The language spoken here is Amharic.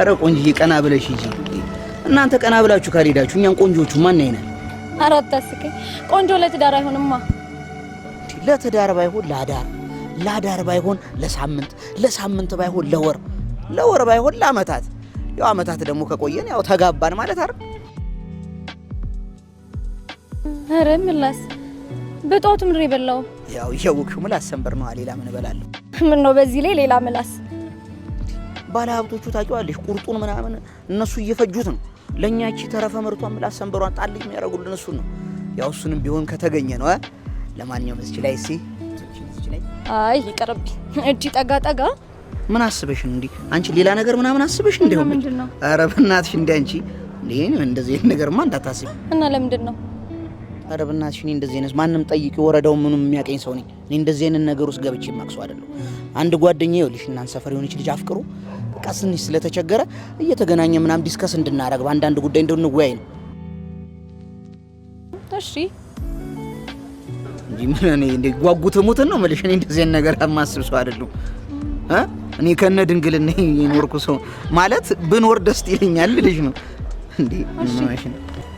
አረ ቆንጆዬ ቀና ብለሽ ሂጂ። እናንተ ቀና ብላችሁ ካልሄዳችሁ እኛን ቆንጆቹ ማን ነኝ? አረ አታስቀኝ። ቆንጆ ለትዳር አይሆንማ። ለትዳር ባይሆን ላዳር፣ ላዳር ባይሆን ለሳምንት፣ ለሳምንት ባይሆን ለወር፣ ለወር ባይሆን ለአመታት። ያው አመታት ደግሞ ከቆየን ያው ተጋባን ማለት አረ አረ ምላስ በጠዋቱ ምድር የበላው ያው እያወቅሽው ምላስ ሰንበር ነዋ። ሌላ ምን እበላለሁ? ምን ነው በዚህ ላይ ሌላ ምላስ ባለሀብቶቹ ታውቂዋለሽ፣ ቁርጡን ምናምን እነሱ እየፈጁት ነው። ለእኛ ቺ ተረፈ ምርቷን ላሰንበሯን ጣል የሚያደርጉልን እሱን ነው። ያው እሱንም ቢሆን ከተገኘ ነው። ለማንኛውም እዚች ላይ ሲ አይ ይቀርብኝ እጅ ጠጋ ጠጋ ምን አስበሽ እንዲ አንቺ ሌላ ነገር ምናምን አስበሽ እንዲሁ ምንድን ነው? ኧረ በእናትሽ እንዲ አንቺ እንደዚህ ነገር ማ እንዳታስቢ እና ለምንድን ነው ኧረ በእናትሽ እኔ እንደዚህ አይነት ማንም ጠይቂ ወረዳው ምኑም የሚያቀኝ ሰው ነኝ። እኔ እንደዚህ አይነት ነገር ውስጥ ገብቼ ማቅሱ አይደለሁ። አንድ ጓደኛ ይኸውልሽ፣ እናንተ ሰፈር የሆነች ልጅ አፍቅሮ በቃ ትንሽ ስለተቸገረ እየተገናኘ ምናምን ዲስከስ እንድናረግ በአንዳንድ ጉዳይ እንደው ነው። እሺ እንጂ ምን እኔ እንደ ጓጉት ሙትን ነው የምልሽ። እኔ እንደዚህ አይነት ነገር የማስብ ሰው አይደለሁ። እኔ ከነ ድንግልና የኖርኩ ሰው ማለት ብኖር ደስ ይለኛል ልጅ ነው እንዴ ምን